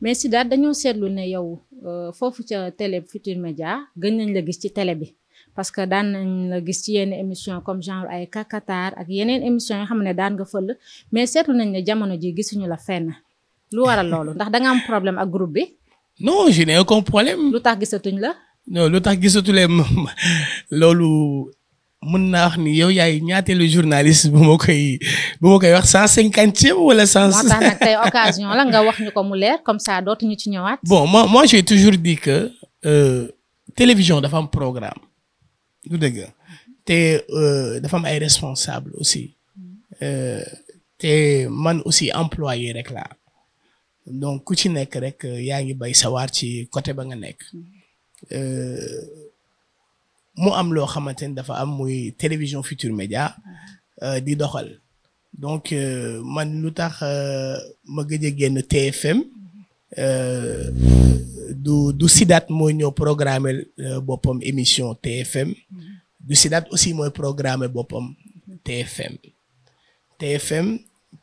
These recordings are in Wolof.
mais Sidath dañoo seetlu ne yow euh, foofu ca télé Futurs Médias gën nañ la gis ci télé bi parce que daan nañ la gis ci yenn émission comme genre ay kakatar ak yeneen émission yoo xam ne daan nga fël mais seetlu nañ ne jamono ji gisuñu la fenn lu waral loolu ndax da am problème ak groupe bi non je n'ai aucun problème. lu tax gisatuñ la. lu tax gisatulee loolu mën naa wax ni yow yaay ñaateelu journaliste bu moo koy bu koy wax cent cinquantième wala cent. moo tax nag la nga wax ñu ko mu leer comme ça dootuñu ci ñëwaat. bon moi moi j'ai toujours dit que euh, télévision dafa am programme du dëgg te euh, dafa am ay responsable aussi euh, te man aussi employé rek laa donc ku ci nekk rek euh, yaa ngi bay sawaar ci côté ba nga nekk mm-hmm. euh, mu am loo xamante ni dafa am muy télévision Futurs Médias uh-huh. euh, di doxal donc man lu tax ma gëj a génn TFM mm-hmm. du du Sidaat mooy ñëw programme boppam émission TFM mm-hmm. du Sidaat aussi mooy programme boppam TFM TFM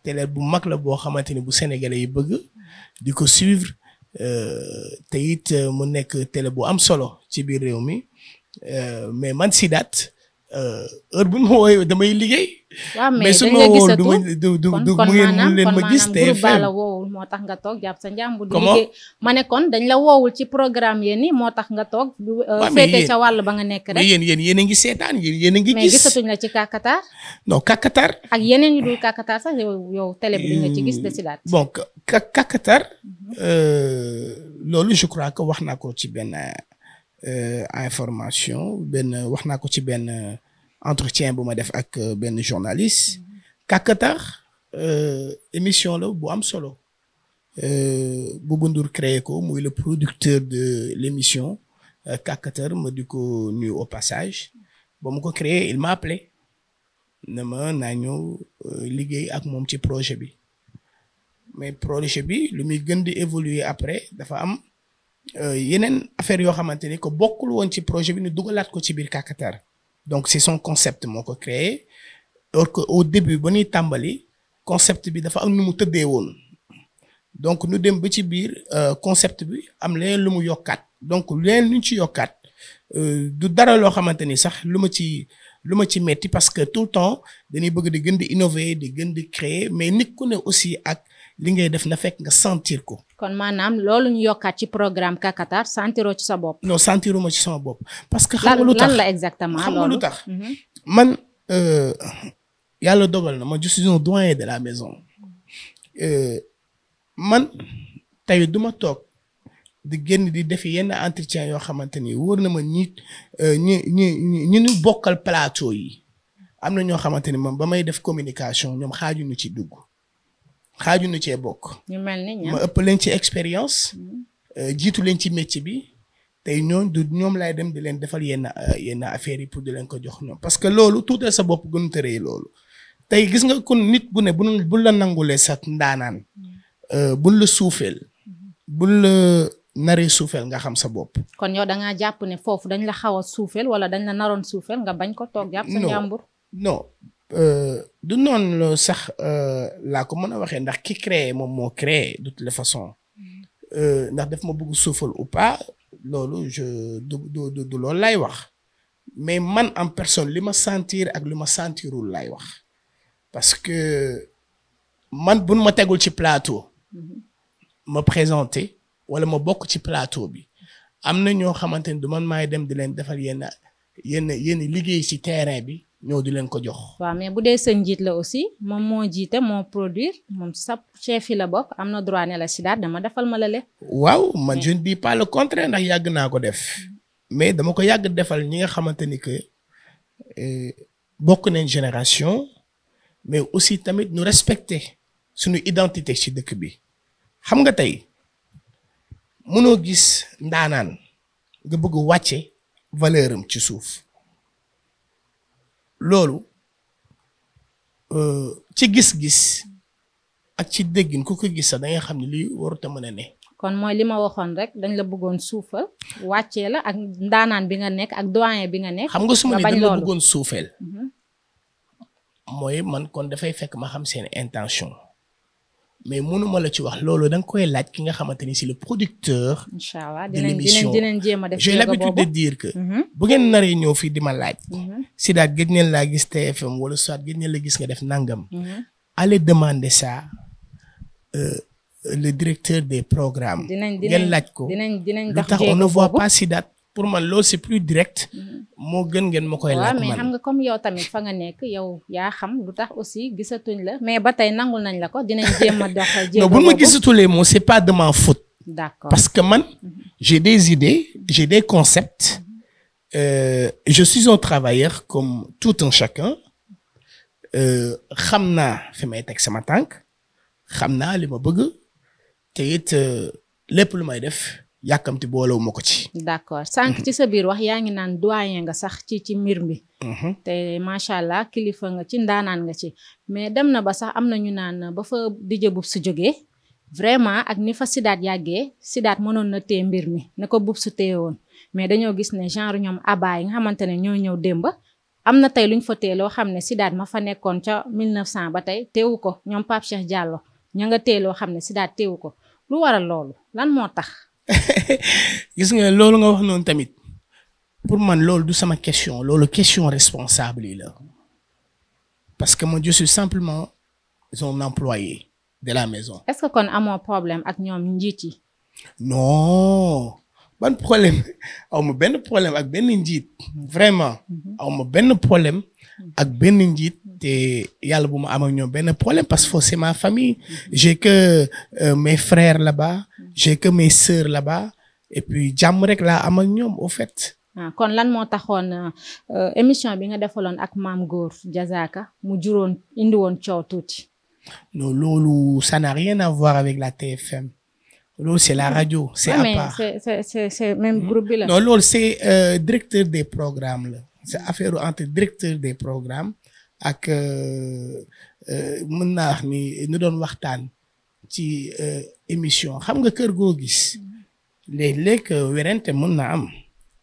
télé bu mag la boo xamante ni bu sénégalais yi bëgg di ko suivre euh, te it euh, mu nekk télé bu am solo ci biir réew mi euh, mais man Sidath Euh, heure bu ma woowee damay liggéey. waaw mais su ma woo mu ngeen ma gis. tey fii kon la woowul moo tax nga toog jàpp sa njàmbur. di liggéey ma ne kon dañ la woowul ci programme yéen ni moo tax nga toog. Euh, waaw sa wàll ba nga nekk rek. mais yéen yéen yéen a ngi seetaan yéen yéen a ngi gis. mais gisatuñ la ci kàkkatar. non kàkkatar. ak yeneen yu dul kàkkatar sax yow yow télé bi nga ci gis euh, desidaat. bon kàkkatar. Mhm. loolu je crois que wax naa ko ci benn. Euh, information benn wax naa ko ci benn euh, entretien bu ma def ak euh, benn journaliste Kakatar émission la bu am solo Bouba Ndour créé ko muy le producteur de l'émission Kakatar ma di ko nuyu au passage ba mu ko créé il m'a appelé ne ma naa ñëw liggéey ak moom ci projet bi mais projet bi lu muy gën di évoluer après dafa am Euh, yeneen affaire yoo xamante ni que bokkul woon ci projet bi ñu dugalaat ko ci biir Kakatar donc c'est son concept moo ko créé alors que au début ba ñuy tàmbali concept bi dafa am nu mu tëddee woon donc ñu dem ba ci biir euh, concept bi am leneen lu mu yokkaat donc leneen lu ci yokkaat euh, du dara loo xamante ni sax lu ma ci lu ma ci metti parce que tout le temps dañuy bëgg di gën di innover di gën di créer mais nit ku ne aussi ak. li ngay def na fekk nga sentir ko. kon maanaam loolu ñu yokkaat ci programme Kakatar sentiroo ci sa bopp. non sentiruma ci sama bopp. parce que xam nga lu tax la exactement xam lu tax. Mhm. man euh, yàlla dogal na ma je suis un doyen de la maison euh, man tey duma toog di génn di def yenn entretien yoo xamante ni wóor na ma ñi euh, ñi ñi ñi ñu bokkal plateau yi am na ñoo xamante ni moom ba may def communication ñoom xaaju ñu ci dugg. xaaju na cee bokk. ñu mel ni ma ëpp leen ci expérience. Mm-hmm. Euh, jiitu leen ci métier bi. tey ñooñu du ñoom lay dem di leen defal yenn euh, yenn affaires yi pour di leen ko jox ñoom parce que loolu tuutal sa bopp gënu tëree loolu. tey gis nga kon nit bu ne bu la nangulee sa ndaanaan. Mm-hmm. Euh, buñ la suufeel. Mm-hmm. buñ la naree suufeel nga xam sa bopp. kon yow da ngaa jàpp ne foofu dañ la xawa a suufeel wala dañ la naroon suufeel nga bañ ko toog jàpp sa njàmbur. non Euh, du noonu la sax euh, laa ko mën a waxee ndax ki créer moom moo créé du toutes façon façons mm. euh, ndax daf ma bugg suufal ou pas loolu je du loolu laay wax mais man en personne li ma sentir ak lu ma sentirul laay wax parce que man buñ ma tegul ci plateau mm-hmm. ma présenté wala ma bokk ci plateau bi am na ñoo xamante ni du man maay dem di leen defal yenn yenn yenn liggéey ci terrain bi ñëw di leen ko jox. waaw mais bu dee sa njiit la aussi moom moo jiite moo produire moom sa chef la bokk am na droit ne la Sida dama defal ma la le. waaw man je ne dis le contraire ndax yàgg naa ko def mm. mais dama ko yàgg defal ñi nga xamante ni que eh, bokk nañ génération mais aussi tamit ñu respecter suñu identité si dëkk bi xam nga tey mënoo gis ndaanaan nga bëgg wàcce valeur am ci suuf. loolu euh, ci gis-gis ak ci déggin ku ko gis sax da xam ne li warut mën a ne. kon mooy li ma waxoon rek dañ la bëggoon suufal wàccee la ak ndaanaan bi nga nekk ak doyen bi nga nekk. xam nga suma ma ne dañ la bëggoon suufeel mhm. mooy man kon dafay fekk ma xam seen intention. mais mënuma la ci wax loolu danga koy laaj ki nga xamante ni c'est le producteur. incha allah de l'émission dinañ jéem def j'ai l'habitude de diir que. Mhm. bu ngeen naree ñëw fii di ma laaj. Mhm. Sida gëj ngeen laa gis TFM wala soit gëj ngeen la gis nga def nangam. Mhm. allez demande ça euh, le directeur des programmes. dinañ dinañ laaj ko dinañ dinañ tax on ne voit pas Sida pour man loo c'est plus direct. Mm-hmm. moo gën ngeen ma koy laaj. waaw mais xam nga comme yow tamit fa nga nekk yow yaa xam lu tax aussi gisatuñ la mais ba tey nangul nañ la ko dinañ jéem a dox. jéem non bu ma gisatulee moom c'est pas de ma faute. d'accord parce que man mm-hmm. j'ai des idées j'ai des concepts mm-hmm. euh, je suis un travailleur comme tout un chacun euh, xam naa fi may teg sama tànk xam naa li ma bëgg te it euh, lépp lu may def. yàkkamti boolewu ma ko ci. d'accord sànq ci sa biir wax yaa ngi naan doyen nga sax ci ci mbir mi. Mhm. te macha allah kilifa nga ci ndaanaan nga ci. mais dem na ba sax am na ñu naan ba fa DJ Boubs jóge vraiment ak ni fa Sidaat yàggee Sidaat mënoon na téye mbir mi na ko Boubs téye woon mais dañoo gis ne genre ñoom abaa yi nga xamante ne ñoo ñëw démb. am na tey lu ñu fa téye loo xam ne Sidaat ma fa nekkoon ca mille 1900 ba tey teewu ko ñoom Pape Cheikh ña nga téye loo xam ne Sidaat teewu ko waral loolu tax. gis nga loolu nga wax noonu tamit pour man loolu du sama question loolu question responsable yi la parce que man je suis simplement son employé de la maison. est-ce que kon amoo problème ak ñoom njiit yi. non ban problème aw ma benn problème ak benn njiit vraiment mhm. aw ma benn problème ak benn njiit te yàlla bu ma am ak ñoom benn problème parce que c'est ma famille mhm. j'ai que euh, mes frères là-bas. j'ai que mes sœurs là-bas et puis jàmm rek laa am ak ñoom au fait. Ah, kon lan moo taxoon euh, émission bi nga defaloon ak maam Góor Diazaka mu juróon indi woon coow tuuti. non loolu ça n'a rien à voir avec la TFM. loolu c'est la hmm. radio. c'est à part c'est c'est c'est hmm. loolu c'est euh, directeur des programmes la. c'est affaire entre directeur des programmes ak euh, mën naa wax ni ñu doon waxtaan. ci euh, émission xam nga kër goo gis mm-hmm. léeg-léeg euh, werante mën na am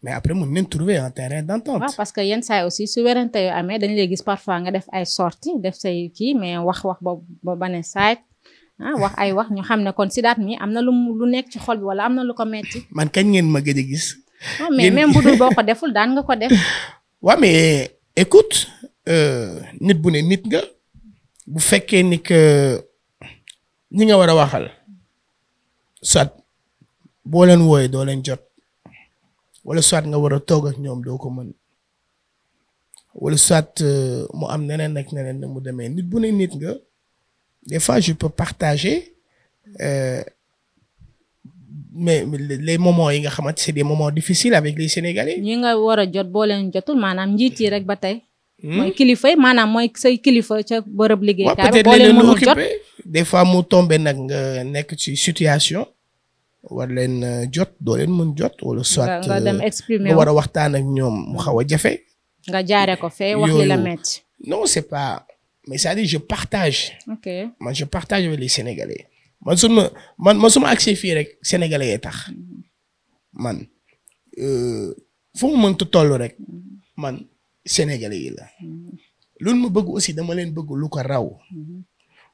mais après mën nañ trouver un terrain d'entente. waaw parce que yenn saa aussi su werante yoo amee dañu lay gis parfois nga def ay sorties def say kii mais wax wax ba ba ba ne saaj ah, wax ay wax ñu xam ne kon si Sidath mii am na lu lu nekk ci xol bi wala am na lu ko metti man kañ ngeen ma gëj a gis. non ah, mais même bu dul boo ko deful daan nga ko def. waaw mais écoute euh, nit bu ne nit nga bu fekkee ni que ñi nga war a waxal soit boo leen wooyee doo leen jot wala soit nga war a toog ak ñoom doo ko mën wala soit euh, mu am neneen ak neneen mu demee nit bu ne nit nga des fois je peux partager euh, mais les moments yi nga xamante c'est di moments difficiles avec les Sénégalais. ñi nga war a jot boo leen jotul maanaam njiit yi rek ba tey. mooy hmm? kilifa yi maanaam mooy say kilifa ca bërëb liggéeykaay bi boo leen mënul jot des fois mu tombé nag nga nekk ci situation war leen euh, jot doo leen mën jot wala soit nga dem euh, war a waxtaan ak ñoom mu xaw a jafe nga jaare ko fee wax li la metti non c'est pas mais ça dit je partage ok man je partage avec les sénégalais man suma man suma accès fii rek sénégalais yi tax mm-hmm. man euh, foo mu mënta toll rek mm-hmm. man sénégalais yi la mm-hmm. ma bëgg aussi dama leen bëgg lu ko raw mm-hmm.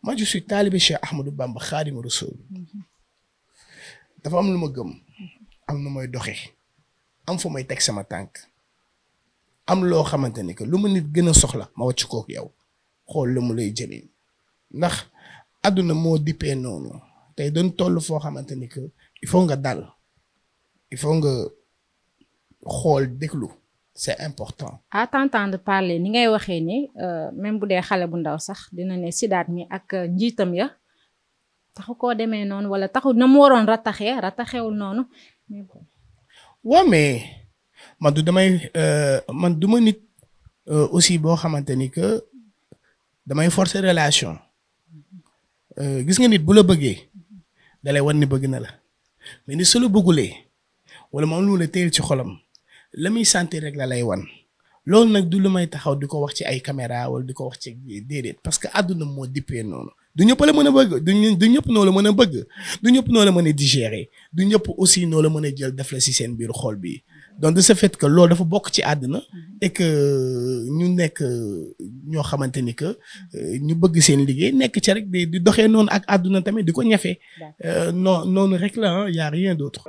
man je suis taalibe Cheikh Ahmadou Bamba Xaadimu Rasuul mm-hmm. dafa am lu ma gëm am na mooy doxee am fa may teg sama tànk am loo xamante ni que lu ma nit gën a soxla ma wàcc kook yow xool lu mu lay jëlee ndax àdduna moo dippee noonu tey doon toll foo xamante ni que il faut nga dal il faut nga xool déglu c'est important. à de parler ni ngay waxee ni euh, même bu dee xale bu ndaw sax dina ne sidaat mi ak euh, njiitam ya taxu koo demee noonu wala taxu na mu waroon rataxee rataxewul noonu. waaw mais man du damay euh, man du ma nit aussi boo xamante ni que damay forcer relation gis nga nit bu la bëggee dalay wan ni bëgg na la mais ni su la bëggulee wala moom lu la teel ci xolom la muy sentir rek la lay wan loolu nag du lu may taxaw di ko wax ci ay caméra wala di ko wax ci déedéet parce que àdduna moo dippee noonu du ñëpp la mën a bëgg du ñëpp noo la mën a bëgg du ñëpp noo la mën a digérer du ñëpp aussi noo la mën a jël def la si seen biir xool bi donc de ce fait que loolu dafa bokk ci àdduna et ñu nekk ñoo xamante ni que euh, ñu bëgg seen liggéey nekk ci rek di doxee noonu ak àdduna tamit di ko ñafe euh, non noonu rek la y a rien d'autre